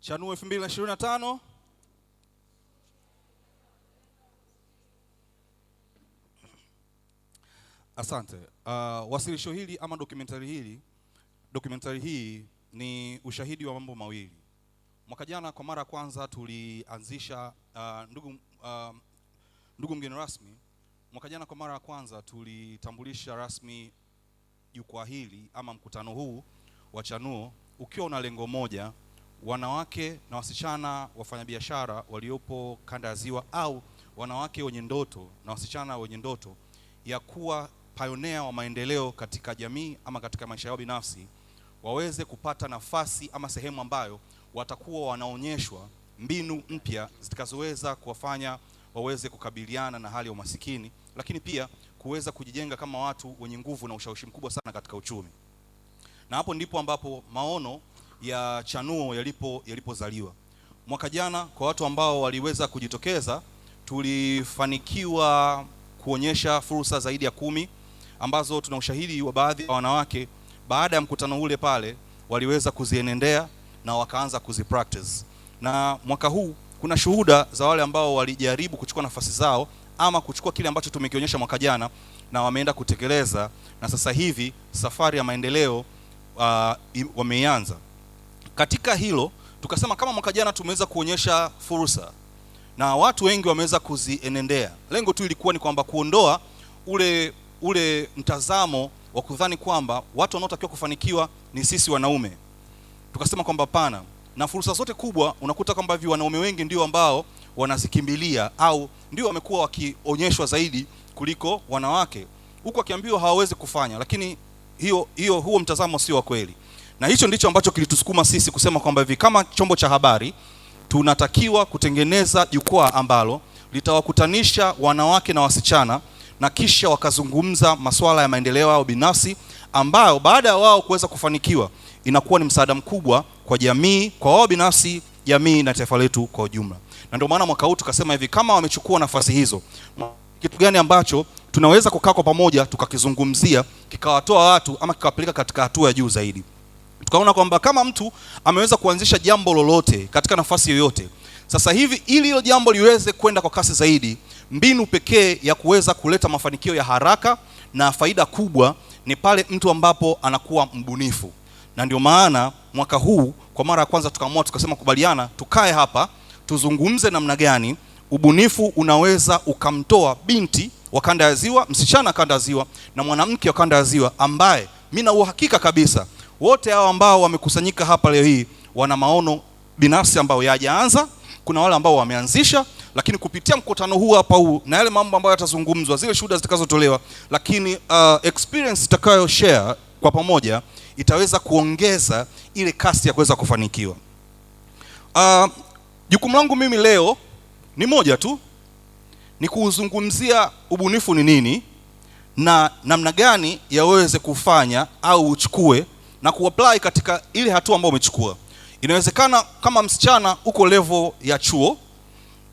Chanuo 2025 Asante. Uh, wasilisho hili ama dokumentari hili, dokumentari hii ni ushahidi wa mambo mawili. Mwaka jana kwa mara ya kwanza tulianzisha uh, ndugu, uh, ndugu mgeni rasmi, mwaka jana kwa mara ya kwanza tulitambulisha rasmi jukwaa hili ama mkutano huu wa Chanuo ukiwa una lengo moja wanawake na wasichana wafanyabiashara waliopo kanda ya Ziwa au wanawake wenye ndoto na wasichana wenye ndoto ya kuwa pionea wa maendeleo katika jamii ama katika maisha yao binafsi waweze kupata nafasi ama sehemu ambayo watakuwa wanaonyeshwa mbinu mpya zitakazoweza kuwafanya waweze kukabiliana na hali ya umasikini, lakini pia kuweza kujijenga kama watu wenye nguvu na ushawishi mkubwa sana katika uchumi. Na hapo ndipo ambapo maono ya Chanuo yalipo yalipozaliwa. Mwaka jana kwa watu ambao waliweza kujitokeza, tulifanikiwa kuonyesha fursa zaidi ya kumi ambazo tuna ushahidi wa baadhi ya wanawake baada ya mkutano ule pale waliweza kuzienendea na wakaanza kuzipractice. Na mwaka huu kuna shuhuda za wale ambao walijaribu kuchukua nafasi zao ama kuchukua kile ambacho tumekionyesha mwaka jana na wameenda kutekeleza, na sasa hivi safari ya maendeleo uh, wameianza. Katika hilo tukasema kama mwaka jana tumeweza kuonyesha fursa na watu wengi wameweza kuzienendea, lengo tu ilikuwa ni kwamba kuondoa ule ule mtazamo wa kudhani kwamba watu wanaotakiwa kufanikiwa ni sisi wanaume. Tukasema kwamba pana na fursa zote kubwa, unakuta kwamba hivi wanaume wengi ndio ambao wanazikimbilia au ndio wamekuwa wakionyeshwa zaidi kuliko wanawake, huku akiambiwa hawawezi kufanya, lakini hiyo hiyo huo mtazamo sio wa kweli. Na hicho ndicho ambacho kilitusukuma sisi kusema kwamba hivi kama chombo cha habari tunatakiwa kutengeneza jukwaa ambalo litawakutanisha wanawake na wasichana na kisha wakazungumza masuala ya maendeleo yao binafsi ambayo baada ya wao kuweza kufanikiwa inakuwa ni msaada mkubwa kwa jamii, kwa wao binafsi, jamii na taifa letu kwa ujumla. Na ndio maana mwaka huu tukasema hivi, kama wamechukua nafasi hizo, kitu gani ambacho tunaweza kukaa kwa pamoja tukakizungumzia kikawatoa watu ama kikawapeleka katika hatua ya juu zaidi tukaona kwamba kama mtu ameweza kuanzisha jambo lolote katika nafasi yoyote, sasa hivi ili hilo jambo liweze kwenda kwa kasi zaidi, mbinu pekee ya kuweza kuleta mafanikio ya haraka na faida kubwa ni pale mtu ambapo anakuwa mbunifu. Na ndio maana mwaka huu kwa mara ya kwanza tukaamua tukasema, kubaliana, tukae hapa tuzungumze namna gani ubunifu unaweza ukamtoa binti wa kanda ya Ziwa, msichana kanda ya Ziwa na mwanamke wa kanda ya Ziwa ambaye mimi na uhakika kabisa wote hao ambao wamekusanyika hapa leo hii wana maono binafsi ambayo yajaanza, kuna wale ambao wameanzisha, lakini kupitia mkutano huu hapa huu na yale mambo ambayo yatazungumzwa, zile shuhuda zitakazotolewa, lakini uh, experience itakayo share kwa pamoja itaweza kuongeza ile kasi ya kuweza kufanikiwa. Uh, jukumu langu mimi leo ni moja tu, ni kuuzungumzia ubunifu ni nini na namna gani yaweze kufanya au uchukue na kuapply katika ile hatua ambayo umechukua. Inawezekana kama msichana uko level ya chuo,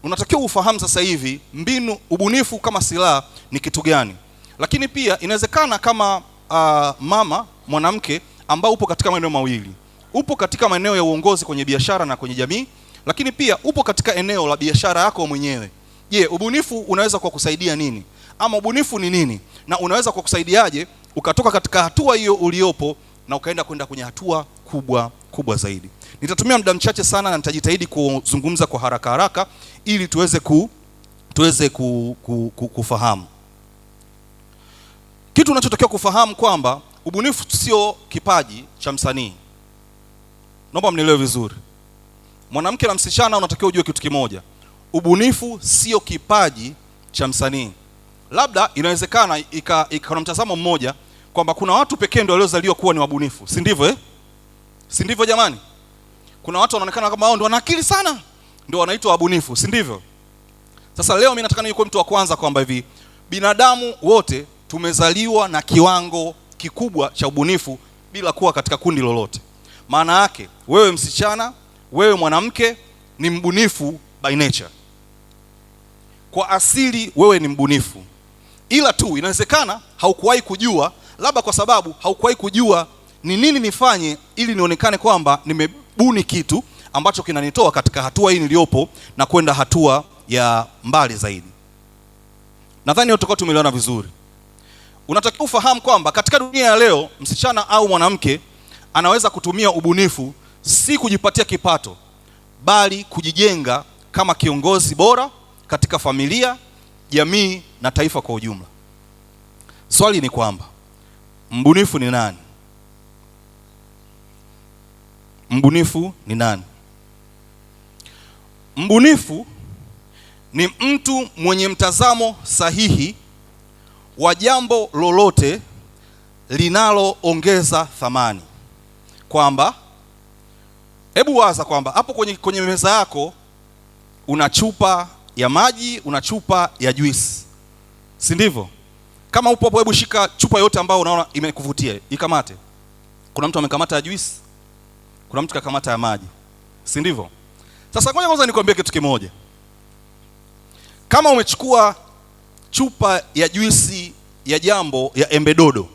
unatakiwa ufahamu sasa hivi mbinu, ubunifu kama silaha ni kitu gani. Lakini pia inawezekana kama uh, mama mwanamke ambao upo katika maeneo mawili, upo katika maeneo ya uongozi kwenye biashara na kwenye jamii, lakini pia upo katika eneo la biashara yako mwenyewe. Je, ubunifu unaweza kwa kusaidia nini? Ama ubunifu ni nini, na unaweza kwa kusaidiaje ukatoka katika hatua hiyo uliopo na ukaenda kwenda kwenye hatua kubwa kubwa zaidi. Nitatumia muda mchache sana na nitajitahidi kuzungumza kwa haraka haraka ili tuweze ku, tuweze ku, ku, ku, kufahamu kitu unachotakiwa kufahamu kwamba ubunifu sio kipaji cha msanii. Naomba mnielewe vizuri, mwanamke na msichana, unatakiwa ujue kitu kimoja, ubunifu sio kipaji cha msanii. Labda inawezekana ika, ika, mtazamo mmoja kwamba kuna watu pekee ndio waliozaliwa kuwa ni wabunifu, si ndivyo eh? si ndivyo jamani? Kuna watu wanaonekana kama wao ndio wana akili sana, ndio wanaitwa wabunifu, si ndivyo? Sasa leo mimi nataka niwe mtu wa kwanza kwamba hivi binadamu wote tumezaliwa na kiwango kikubwa cha ubunifu bila kuwa katika kundi lolote. Maana yake wewe msichana, wewe mwanamke ni mbunifu by nature, kwa asili wewe ni mbunifu, ila tu inawezekana haukuwahi kujua labda kwa sababu haukuwahi kujua ni nini nifanye ili nionekane kwamba nimebuni kitu ambacho kinanitoa katika hatua hii niliyopo na kwenda hatua ya mbali zaidi. Nadhani tutakuwa tumeliona vizuri. Unatakiwa ufahamu kwamba katika dunia ya leo msichana au mwanamke anaweza kutumia ubunifu si kujipatia kipato, bali kujijenga kama kiongozi bora katika familia, jamii na taifa kwa ujumla. Swali ni kwamba Mbunifu ni nani? Mbunifu ni nani? Mbunifu ni mtu mwenye mtazamo sahihi wa jambo lolote linaloongeza thamani. Kwamba hebu waza kwamba hapo kwenye, kwenye meza yako una chupa ya maji, una chupa ya juisi, si ndivyo? Kama upo hapo, hebu shika chupa yote ambayo unaona imekuvutia ikamate. Kuna mtu amekamata ya juisi, kuna mtu kakamata ya maji, si ndivyo? Sasa ngoja kwanza nikwambie kitu kimoja. Kama umechukua chupa ya juisi ya jambo ya embe dodo,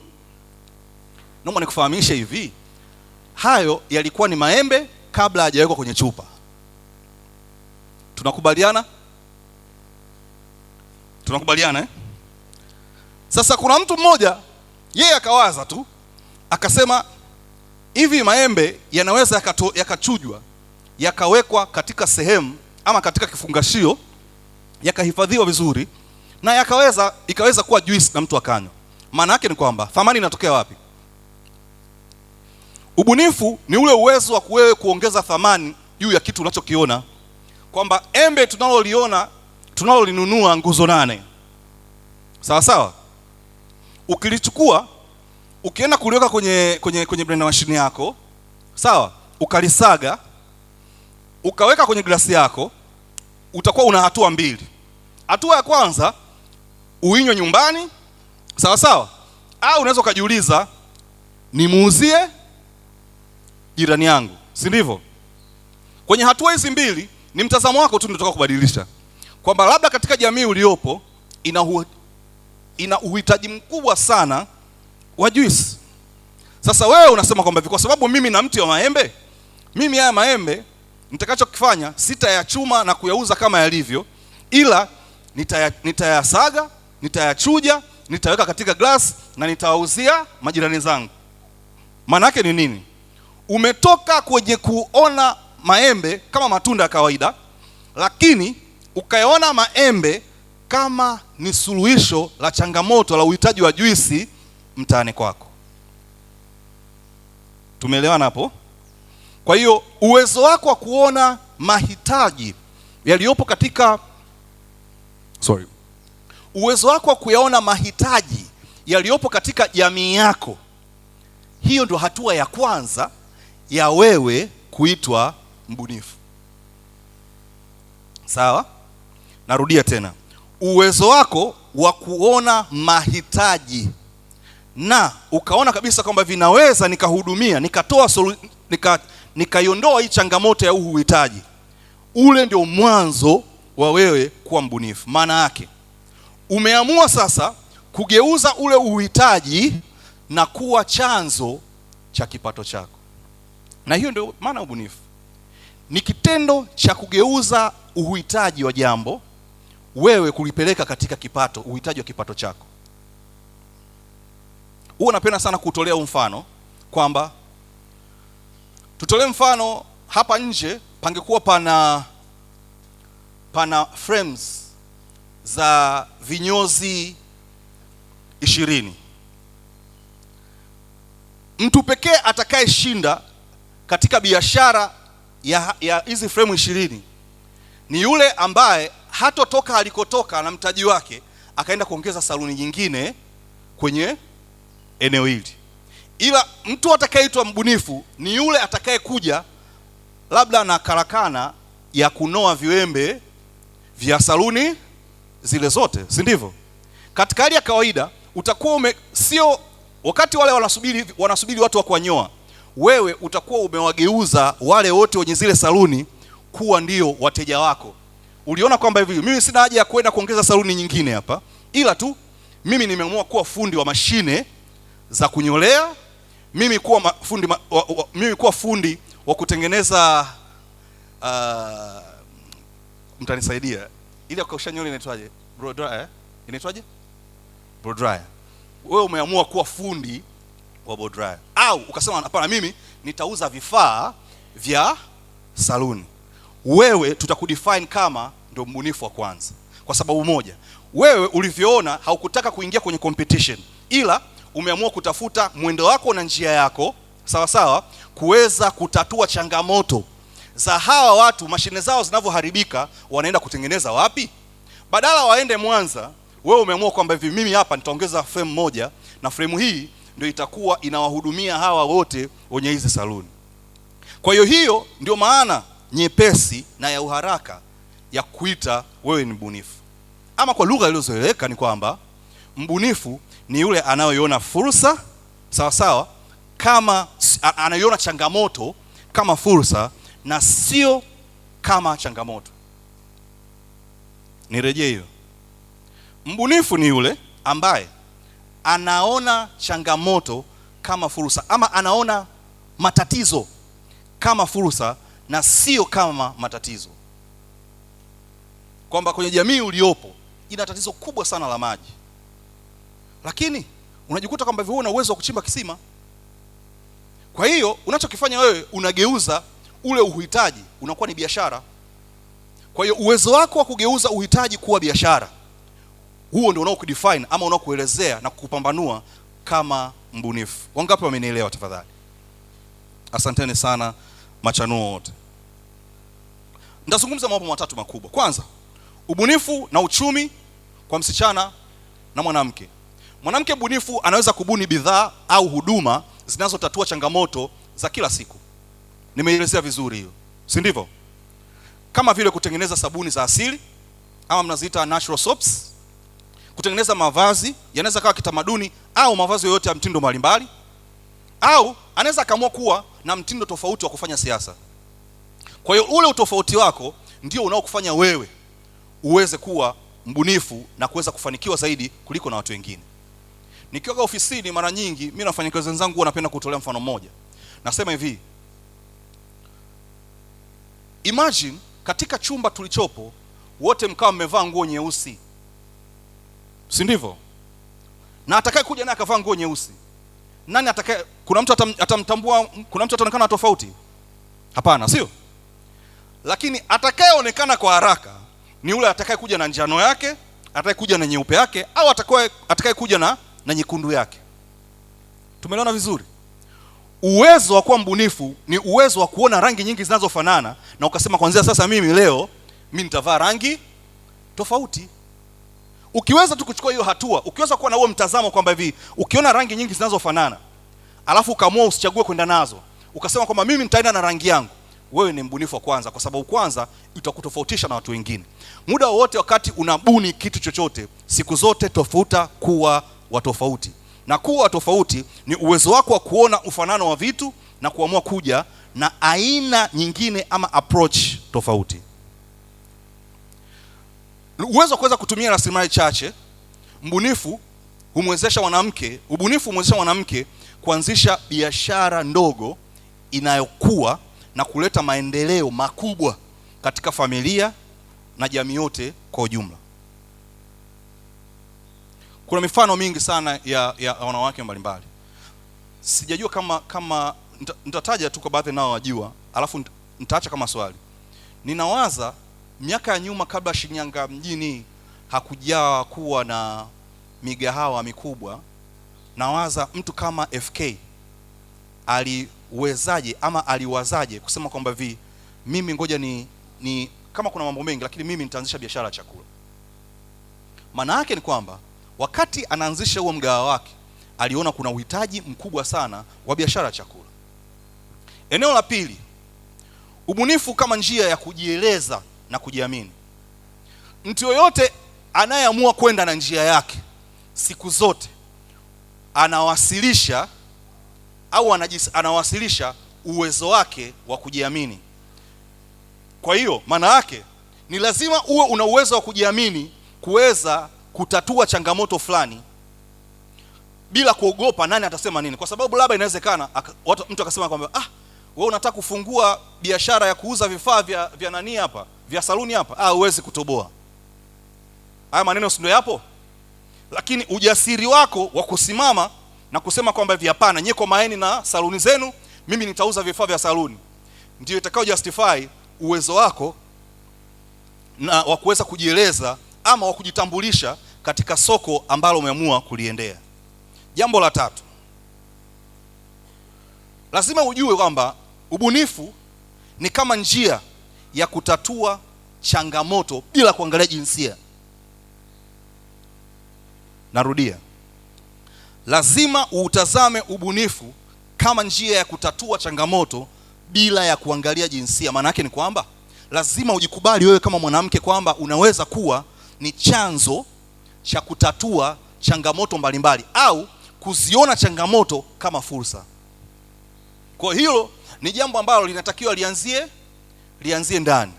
naomba nikufahamishe hivi, hayo yalikuwa ni maembe kabla hajawekwa kwenye chupa. Tunakubaliana? Tunakubaliana eh? Sasa kuna mtu mmoja yeye akawaza tu akasema hivi maembe yanaweza yakachujwa yakawekwa katika sehemu ama katika kifungashio yakahifadhiwa vizuri na yakaweza ikaweza kuwa juice na mtu akanywa. Maana yake ni kwamba thamani inatokea wapi? Ubunifu ni ule uwezo wa kuwewe kuongeza thamani juu ya kitu unachokiona, kwamba embe tunaloliona tunalolinunua nguzo nane, sawa sawa ukilichukua ukienda kuliweka kwenye kwenye kwenye blender machine yako, sawa, ukalisaga ukaweka kwenye glasi yako, utakuwa una hatua mbili. Hatua ya kwanza uinywe nyumbani, sawa sawa, au unaweza ukajiuliza nimuuzie jirani yangu, si ndivyo? Kwenye hatua hizi mbili ni mtazamo wako tu ndio kubadilisha, kwamba labda katika jamii uliopo ina ina uhitaji mkubwa sana wa juisi. Sasa wewe unasema kwamba kwa sababu mimi na mti wa maembe, mimi haya maembe nitakachokifanya sitayachuma na kuyauza kama yalivyo, ila nitayasaga, nitayasaga nitayachuja, nitaweka katika glass na nitawauzia majirani zangu. Maana yake ni nini? Umetoka kwenye kuona maembe kama matunda ya kawaida, lakini ukayaona maembe kama ni suluhisho la changamoto la uhitaji wa juisi mtaani kwako. Tumeelewana hapo? Kwa hiyo uwezo wako wa kuona mahitaji yaliyopo katika sorry, uwezo wako wa kuyaona mahitaji yaliyopo katika jamii yako, hiyo ndio hatua ya kwanza ya wewe kuitwa mbunifu. Sawa, narudia tena uwezo wako wa kuona mahitaji na ukaona kabisa kwamba vinaweza nikahudumia, nikatoa nika nikaiondoa hii changamoto ya uhuhitaji ule ndio mwanzo wa wewe kuwa mbunifu. Maana yake umeamua sasa kugeuza ule uhitaji na kuwa chanzo cha kipato chako, na hiyo ndio maana ubunifu ni kitendo cha kugeuza uhitaji wa jambo wewe kulipeleka katika kipato, uhitaji wa kipato chako. Huwa napenda sana kutolea huu mfano kwamba tutolee mfano hapa nje pangekuwa pana pana frames za vinyozi ishirini. Mtu pekee atakayeshinda katika biashara ya hizi fremu ishirini ni yule ambaye hatotoka alikotoka na mtaji wake, akaenda kuongeza saluni nyingine kwenye eneo hili. Ila mtu atakayeitwa mbunifu ni yule atakayekuja labda na karakana ya kunoa viwembe vya saluni zile zote, si ndivyo? Katika hali ya kawaida utakuwa ume sio wakati wale wanasubiri wanasubiri watu wa kuwanyoa, wewe utakuwa umewageuza wale wote wenye zile saluni kuwa ndio wateja wako uliona kwamba hivi mimi sina haja ya kwenda kuongeza saluni nyingine hapa, ila tu mimi nimeamua kuwa fundi wa mashine za kunyolea, mimi kuwa ma, fundi ma, wa, wa, mimi kuwa fundi wa kutengeneza uh, mtanisaidia ili akausha nywele inaitwaje? Blow dryer eh? inaitwaje? Blow dryer. Wewe umeamua kuwa fundi wa blow dryer, au ukasema hapana, mimi nitauza vifaa vya saluni. Wewe tutakudefine kama ndio mbunifu wa kwanza, kwa sababu moja, wewe ulivyoona haukutaka kuingia kwenye competition, ila umeamua kutafuta mwendo wako na njia yako sawa sawa, kuweza kutatua changamoto za hawa watu, mashine zao zinavyoharibika, wanaenda kutengeneza wapi? Badala waende Mwanza, wewe umeamua kwamba hivi, mimi hapa nitaongeza frame moja, na frame hii ndio itakuwa inawahudumia hawa wote wenye hizi saluni. Kwa hiyo hiyo ndio maana nyepesi na ya uharaka ya kuita wewe ni mbunifu. Ama kwa lugha iliyozoeleka ni kwamba mbunifu ni yule anayoiona fursa sawa sawa, kama anayoiona changamoto kama fursa na sio kama changamoto. Nirejee hiyo. Mbunifu ni yule ambaye anaona changamoto kama fursa, ama anaona matatizo kama fursa na sio kama matatizo kwamba kwenye jamii uliopo ina tatizo kubwa sana la maji, lakini unajikuta kwamba wewe una uwezo wa kuchimba kisima. Kwa hiyo unachokifanya wewe unageuza ule uhitaji unakuwa ni biashara. Kwa hiyo uwezo wako wa kugeuza uhitaji kuwa biashara, huo ndio unaokudefine ama unaokuelezea na kukupambanua kama mbunifu. Wangapi wamenielewa tafadhali? Asanteni sana machanuo wote. Nitazungumza mambo matatu makubwa. Kwanza ubunifu na uchumi kwa msichana na mwanamke. Mwanamke bunifu anaweza kubuni bidhaa au huduma zinazotatua changamoto za kila siku. Nimeelezea vizuri hiyo, si ndivyo? Kama vile kutengeneza sabuni za asili ama mnaziita natural soaps, kutengeneza mavazi yanaweza kawa kitamaduni au mavazi yoyote ya mtindo mbalimbali, au anaweza akaamua kuwa na mtindo tofauti wa kufanya siasa. Kwa hiyo ule utofauti wako ndio unaokufanya wewe uweze kuwa mbunifu na kuweza kufanikiwa zaidi kuliko na watu wengine. Nikiwa ofisini, mara nyingi mimi na wafanyakazi wenzangu wanapenda napenda kutolea mfano mmoja, nasema hivi, imagine katika chumba tulichopo wote mkawa mmevaa nguo nyeusi, si ndivyo? Na atakaye kuja naye akavaa nguo nyeusi, nani atakaye? Kuna mtu atamtambua? Kuna mtu ataonekana tofauti? Hapana, sio. Lakini atakayeonekana kwa haraka ni yule atakayekuja na njano yake, atakayekuja na nyeupe yake, au atakayekuja na, na nyekundu yake. tumeliona vizuri? Uwezo wa kuwa mbunifu ni uwezo wa kuona rangi nyingi zinazofanana na ukasema, kwanzia sasa mimi leo mi nitavaa rangi tofauti. Ukiweza tu kuchukua hiyo hatua, ukiweza kuwa na huo mtazamo kwamba hivi ukiona rangi nyingi zinazofanana alafu ukaamua usichague kwenda nazo, ukasema kwamba mimi nitaenda na rangi yangu wewe ni mbunifu wa kwanza, kwa sababu kwanza itakutofautisha na watu wengine. Muda wowote wakati unabuni kitu chochote, siku zote tofauta kuwa wa tofauti, na kuwa wa tofauti ni uwezo wako wa kuona ufanano wa vitu na kuamua kuja na aina nyingine ama approach tofauti, uwezo wa kuweza kutumia rasilimali chache. Mbunifu humwezesha mwanamke, ubunifu humwezesha mwanamke kuanzisha biashara ndogo inayokuwa na kuleta maendeleo makubwa katika familia na jamii yote kwa ujumla. Kuna mifano mingi sana ya, ya wanawake mbalimbali. Sijajua kama kama nitataja tu kwa baadhi nao wajua, alafu nitaacha kama swali. Ninawaza miaka ya nyuma, kabla Shinyanga mjini hakujawa kuwa na migahawa mikubwa, nawaza mtu kama FK aliwezaje ama aliwazaje kusema kwamba vi mimi ngoja ni, ni kama kuna mambo mengi lakini mimi nitaanzisha biashara ya chakula. Maana yake ni kwamba wakati anaanzisha huo mgawa wake aliona kuna uhitaji mkubwa sana wa biashara ya chakula. Eneo la pili, ubunifu kama njia ya kujieleza na kujiamini. Mtu yoyote anayeamua kwenda na njia yake siku zote anawasilisha au anawasilisha uwezo wake wa kujiamini. Kwa hiyo maana yake ni lazima uwe una uwezo wa kujiamini kuweza kutatua changamoto fulani bila kuogopa nani atasema nini, kwa sababu labda inawezekana mtu akasema kwamba ah, wewe unataka kufungua biashara ya kuuza vifaa vya, vya nani hapa vya saluni hapa, ah, huwezi kutoboa. Haya maneno si ndio yapo, lakini ujasiri wako wa kusimama na kusema kwamba hivi hapana, nyie maeni na saluni zenu, mimi nitauza vifaa vya saluni, ndio itakao justify uwezo wako na wa kuweza kujieleza ama wa kujitambulisha katika soko ambalo umeamua kuliendea. Jambo la tatu, lazima ujue kwamba ubunifu ni kama njia ya kutatua changamoto bila kuangalia jinsia. Narudia lazima uutazame ubunifu kama njia ya kutatua changamoto bila ya kuangalia jinsia. Maana yake ni kwamba lazima ujikubali wewe kama mwanamke kwamba unaweza kuwa ni chanzo cha kutatua changamoto mbalimbali au kuziona changamoto kama fursa. Kwa hilo ni jambo ambalo linatakiwa lianzie lianzie ndani.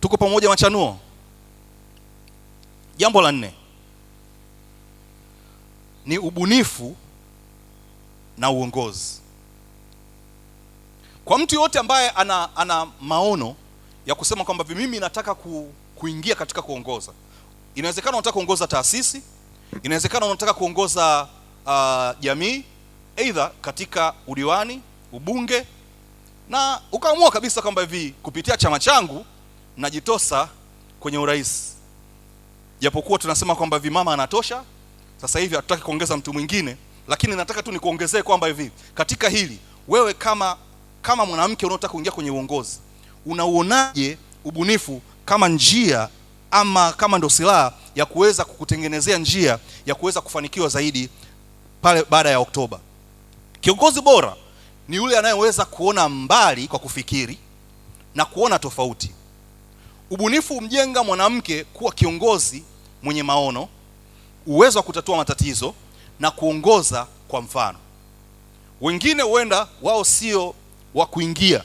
Tuko pamoja machanuo? Jambo la nne ni ubunifu na uongozi. Kwa mtu yoyote ambaye ana, ana maono ya kusema kwamba mimi nataka ku, kuingia katika kuongoza, inawezekana unataka kuongoza taasisi, inawezekana unataka kuongoza uh, jamii aidha katika udiwani, ubunge, na ukaamua kabisa kwamba hivi kupitia chama changu najitosa kwenye urais, japokuwa tunasema kwamba hivi mama anatosha sasa hivi hatutaki kuongeza mtu mwingine, lakini nataka tu nikuongezee kwamba hivi katika hili wewe kama kama mwanamke unaotaka kuingia kwenye uongozi, unauonaje ubunifu kama njia ama kama ndo silaha ya kuweza kukutengenezea njia ya kuweza kufanikiwa zaidi pale baada ya Oktoba? Kiongozi bora ni yule anayeweza kuona mbali kwa kufikiri na kuona tofauti. Ubunifu umjenga mwanamke kuwa kiongozi mwenye maono uwezo wa kutatua matatizo na kuongoza kwa mfano. Wengine huenda wao sio wa kuingia,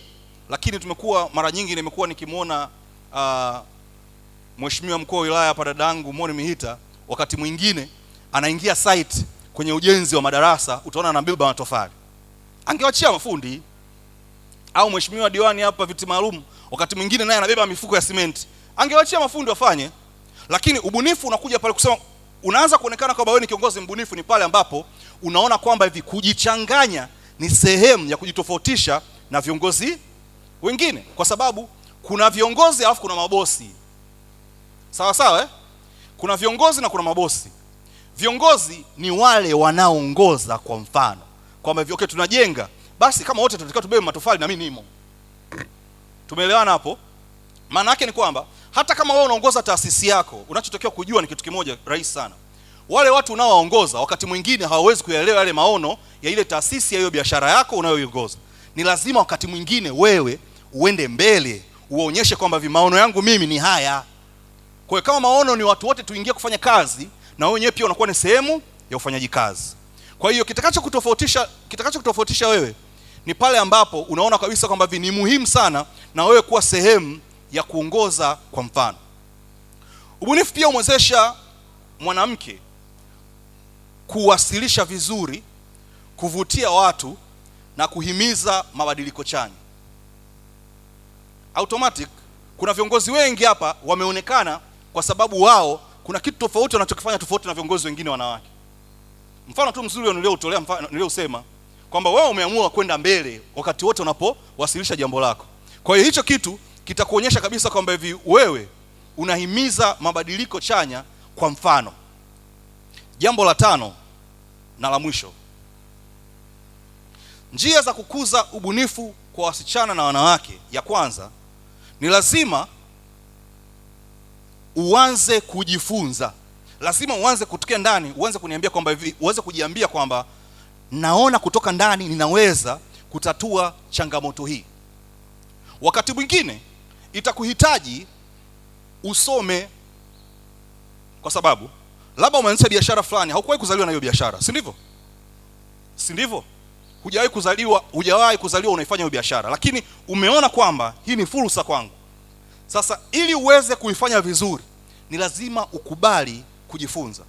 lakini tumekuwa mara nyingi nimekuwa nikimwona uh, mheshimiwa mkuu wa wilaya hapa dadangu Moni Mihita, wakati mwingine anaingia site kwenye ujenzi wa madarasa, utaona anabeba matofali, angewachia mafundi au mheshimiwa diwani hapa viti maalum, wakati mwingine naye anabeba mifuko ya simenti, angewachia mafundi wafanye. Lakini ubunifu unakuja pale kusema unaanza kuonekana kwamba wewe ni kiongozi mbunifu ni pale ambapo unaona kwamba hivi kujichanganya ni sehemu ya kujitofautisha na viongozi wengine, kwa sababu kuna viongozi alafu kuna mabosi sawa sawa, eh? Kuna viongozi na kuna mabosi. Viongozi ni wale wanaoongoza, kwa mfano kwamba hivyo okay, tunajenga basi, kama wote tunatakiwa tubebe matofali na mimi nimo. Tumeelewana hapo? Maana yake ni kwamba hata kama wewe unaongoza taasisi yako, unachotokea kujua ni kitu kimoja rahisi sana. Wale watu unaowaongoza wakati mwingine hawawezi kuyaelewa yale maono ya ile taasisi ya hiyo biashara yako unayoiongoza. Ni lazima wakati mwingine wewe uende mbele, uwaonyeshe kwamba vimaono yangu mimi ni haya. Kwa kama maono ni watu wote tuingie kufanya kazi, na wewe wenyewe pia unakuwa ni sehemu ya ufanyaji kazi. Kwa hiyo kitakachokutofautisha kitakachokutofautisha wewe ni pale ambapo unaona kabisa kwamba ni muhimu sana na wewe kuwa sehemu ya kuongoza kwa mfano. Ubunifu pia umwezesha mwanamke kuwasilisha vizuri, kuvutia watu na kuhimiza mabadiliko chanya. Automatic, kuna viongozi wengi hapa wameonekana kwa sababu wao kuna kitu tofauti wanachokifanya tofauti na viongozi wengine wanawake. Mfano tu mzuri nilioutolea, mfano niliousema kwamba wewe umeamua kwenda mbele wakati wote unapowasilisha jambo lako. Kwa hiyo hicho kitu kitakuonyesha kabisa kwamba hivi wewe unahimiza mabadiliko chanya kwa mfano. Jambo la tano na la mwisho, njia za kukuza ubunifu kwa wasichana na wanawake. Ya kwanza ni lazima uanze kujifunza, lazima uanze kutokea ndani, uanze kuniambia kwamba hivi, uanze kujiambia kwamba naona kutoka ndani ninaweza kutatua changamoto hii. Wakati mwingine itakuhitaji usome, kwa sababu labda umeanzisha biashara fulani, haukuwahi kuzaliwa na hiyo biashara, si ndivyo? Si ndivyo? Hujawahi kuzaliwa, hujawahi kuzaliwa unaifanya hiyo biashara, lakini umeona kwamba hii ni fursa kwangu. Sasa ili uweze kuifanya vizuri, ni lazima ukubali kujifunza,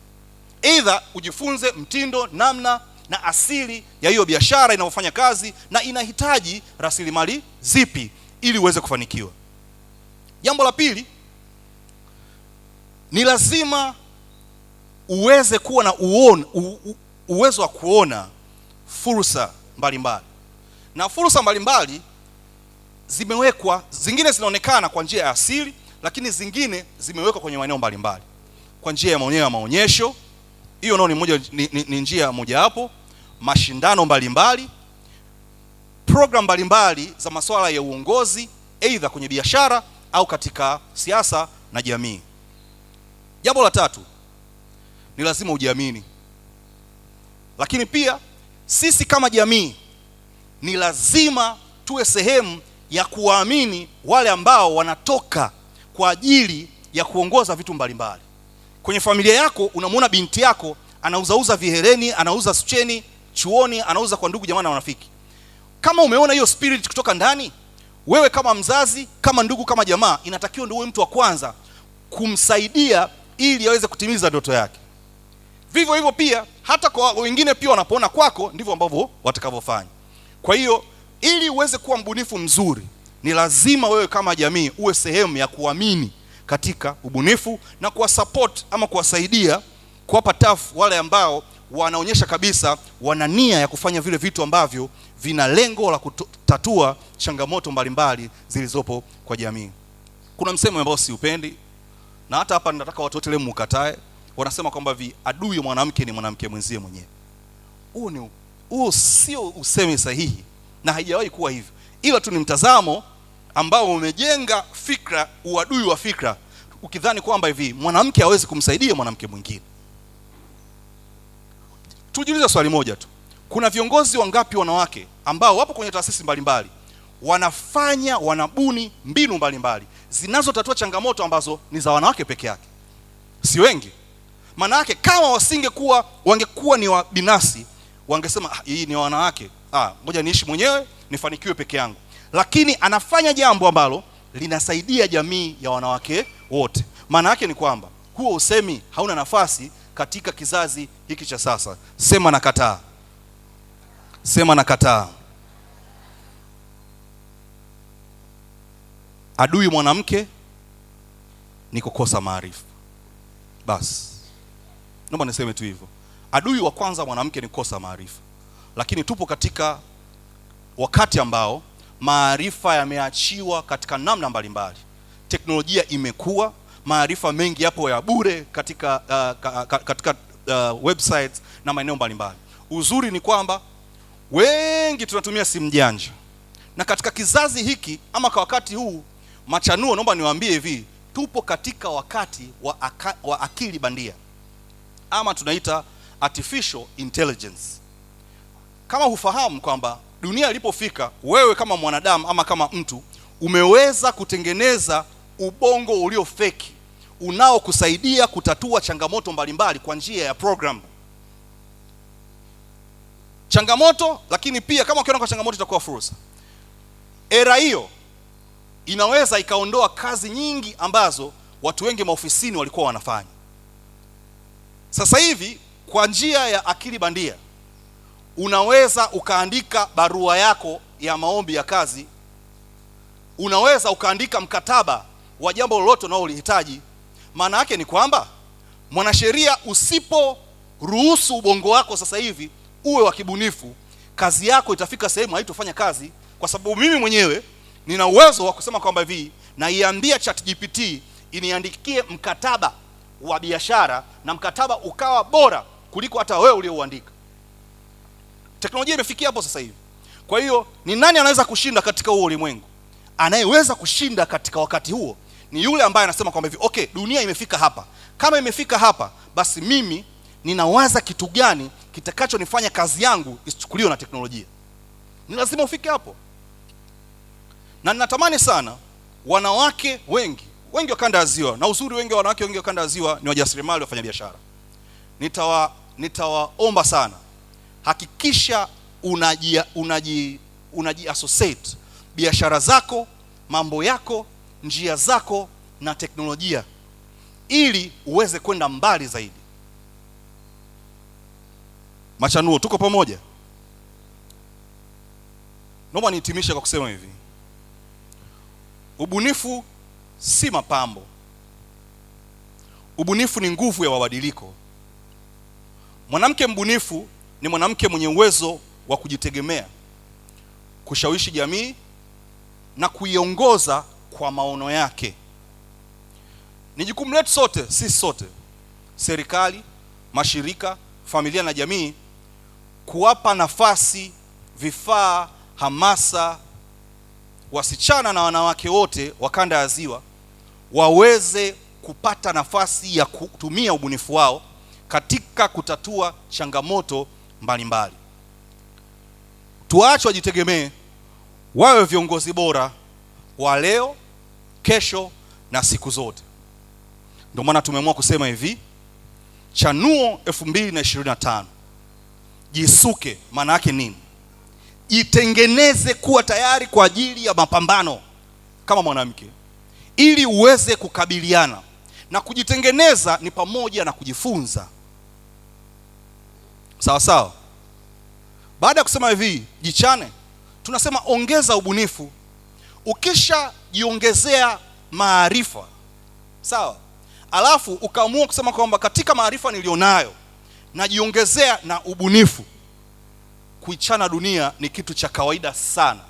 aidha ujifunze mtindo, namna na asili ya hiyo biashara inavyofanya kazi na inahitaji rasilimali zipi ili uweze kufanikiwa. Jambo la pili ni lazima uweze kuwa na uone, u, u, uwezo wa kuona fursa mbalimbali na fursa mbalimbali zimewekwa, zingine zinaonekana kwa njia ya asili, lakini zingine zimewekwa kwenye maeneo mbalimbali kwa njia ya maonyesho ya maonyesho. Hiyo nao ni moja, ni, ni, ni njia mojawapo. Mashindano mbalimbali, program mbalimbali za masuala ya uongozi, aidha kwenye biashara au katika siasa na jamii. Jambo la tatu ni lazima ujiamini, lakini pia sisi kama jamii ni lazima tuwe sehemu ya kuwaamini wale ambao wanatoka kwa ajili ya kuongoza vitu mbalimbali. Kwenye familia yako unamwona binti yako anauzauza vihereni, anauza scheni chuoni, anauza kwa ndugu jamaa na marafiki. Kama umeona hiyo spirit kutoka ndani wewe kama mzazi, kama ndugu, kama jamaa, inatakiwa ndio uwe mtu wa kwanza kumsaidia ili aweze kutimiza ndoto yake. Vivyo hivyo pia hata kwa wengine pia wanapoona kwako ndivyo ambavyo watakavyofanya. Kwa hiyo ili uweze kuwa mbunifu mzuri, ni lazima wewe kama jamii uwe sehemu ya kuamini katika ubunifu na kuwasapoti ama kuwasaidia, kuwapa tafu wale ambao wanaonyesha kabisa wana nia ya kufanya vile vitu ambavyo vina lengo la kutatua changamoto mbalimbali zilizopo kwa jamii. Kuna msemo ambao siupendi na hata hapa nataka watu wote leo mukatae, wanasema kwamba vi adui mwanamke ni mwanamke mwenzie mwenyewe. Huo ni huo sio usemi sahihi na haijawahi kuwa hivyo, ila tu ni mtazamo ambao umejenga fikra, uadui wa fikra, ukidhani kwamba hivi mwanamke hawezi kumsaidia mwanamke mwingine. Tujiulize swali moja tu, kuna viongozi wangapi wanawake ambao wapo kwenye taasisi mbalimbali wanafanya wanabuni mbinu mbalimbali zinazotatua changamoto ambazo ni za wanawake peke yake? Si wengi. Maana yake kama wasingekuwa wangekuwa ni wabinafsi, wangesema ah, hii ni wanawake, ah, ngoja niishi mwenyewe nifanikiwe peke yangu. Lakini anafanya jambo ambalo linasaidia jamii ya wanawake wote. Maana yake ni kwamba huo usemi hauna nafasi katika kizazi hiki cha sasa. Sema na kataa sema na kataa Adui mwanamke ni kukosa maarifa. Basi naomba niseme tu hivyo, adui wa kwanza mwanamke ni kukosa maarifa, lakini tupo katika wakati ambao maarifa yameachiwa katika namna mbalimbali. Teknolojia imekuwa, maarifa mengi yapo ya bure katika, uh, katika uh, websites na maeneo mbalimbali. Uzuri ni kwamba wengi tunatumia simu janja, na katika kizazi hiki ama kwa wakati huu, machanuo, naomba niwaambie hivi, tupo katika wakati wa, aka, wa akili bandia ama tunaita artificial intelligence. Kama hufahamu kwamba dunia ilipofika, wewe kama mwanadamu ama kama mtu umeweza kutengeneza ubongo ulio feki unaokusaidia kutatua changamoto mbalimbali kwa njia ya program changamoto lakini pia kama ukiona kwa changamoto itakuwa fursa. Era hiyo inaweza ikaondoa kazi nyingi ambazo watu wengi maofisini walikuwa wanafanya. Sasa hivi kwa njia ya akili bandia unaweza ukaandika barua yako ya maombi ya kazi, unaweza ukaandika mkataba wa jambo lolote unaolihitaji. Maana yake ni kwamba mwanasheria, usiporuhusu ubongo wako sasa hivi uwe wa kibunifu, kazi yako itafika sehemu haitofanya kazi, kwa sababu mimi mwenyewe nina uwezo wa kusema kwamba hivi, naiambia ChatGPT iniandikie mkataba wa biashara na mkataba ukawa bora kuliko hata wewe uliouandika. Teknolojia imefikia hapo sasa hivi. Kwa hiyo ni nani anaweza kushinda katika huo ulimwengu? Anayeweza kushinda katika wakati huo ni yule ambaye anasema kwamba hivi okay, dunia imefika hapa. Kama imefika hapa, basi mimi ninawaza kitu gani kitakachonifanya kazi yangu isichukuliwe na teknolojia? Ni lazima ufike hapo, na ninatamani sana wanawake wengi wengi wa kanda ya Ziwa, na uzuri wengi wa wanawake wengi wa kanda ya Ziwa ni wajasiriamali, wafanyabiashara. Nitawa nitawaomba sana, hakikisha unaji unaji unaji associate biashara zako, mambo yako njia zako na teknolojia ili uweze kwenda mbali zaidi. Machanuo, tuko pamoja? Naomba nihitimishe kwa kusema hivi, ubunifu si mapambo. Ubunifu ni nguvu ya mabadiliko. Mwanamke mbunifu ni mwanamke mwenye uwezo wa kujitegemea, kushawishi jamii na kuiongoza kwa maono yake. Ni jukumu letu sote, sisi sote, serikali, mashirika, familia na jamii, kuwapa nafasi, vifaa, hamasa wasichana na wanawake wote wa kanda ya Ziwa waweze kupata nafasi ya kutumia ubunifu wao katika kutatua changamoto mbalimbali. Tuache wajitegemee, wawe viongozi bora wa leo kesho na siku zote. Ndio maana tumeamua kusema hivi, chanuo 2025 jisuke. Maana yake nini? Jitengeneze kuwa tayari kwa ajili ya mapambano kama mwanamke, ili uweze kukabiliana na kujitengeneza. Ni pamoja na kujifunza, sawa sawa. Baada ya kusema hivi, jichane, tunasema ongeza ubunifu ukishajiongezea maarifa sawa, alafu ukaamua kusema kwamba katika maarifa niliyonayo najiongezea na ubunifu, kuichana dunia ni kitu cha kawaida sana,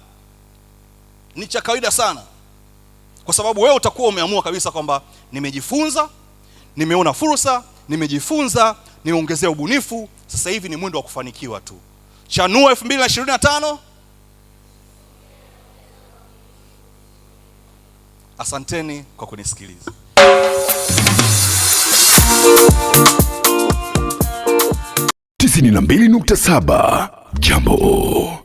ni cha kawaida sana, kwa sababu wewe utakuwa umeamua kabisa kwamba nimejifunza, nimeona fursa, nimejifunza, nimeongezea ubunifu, sasa hivi ni mwendo wa kufanikiwa tu. Chanua 2025 Asanteni kwa kunisikiliza. tisini na mbili nukta saba Jambo.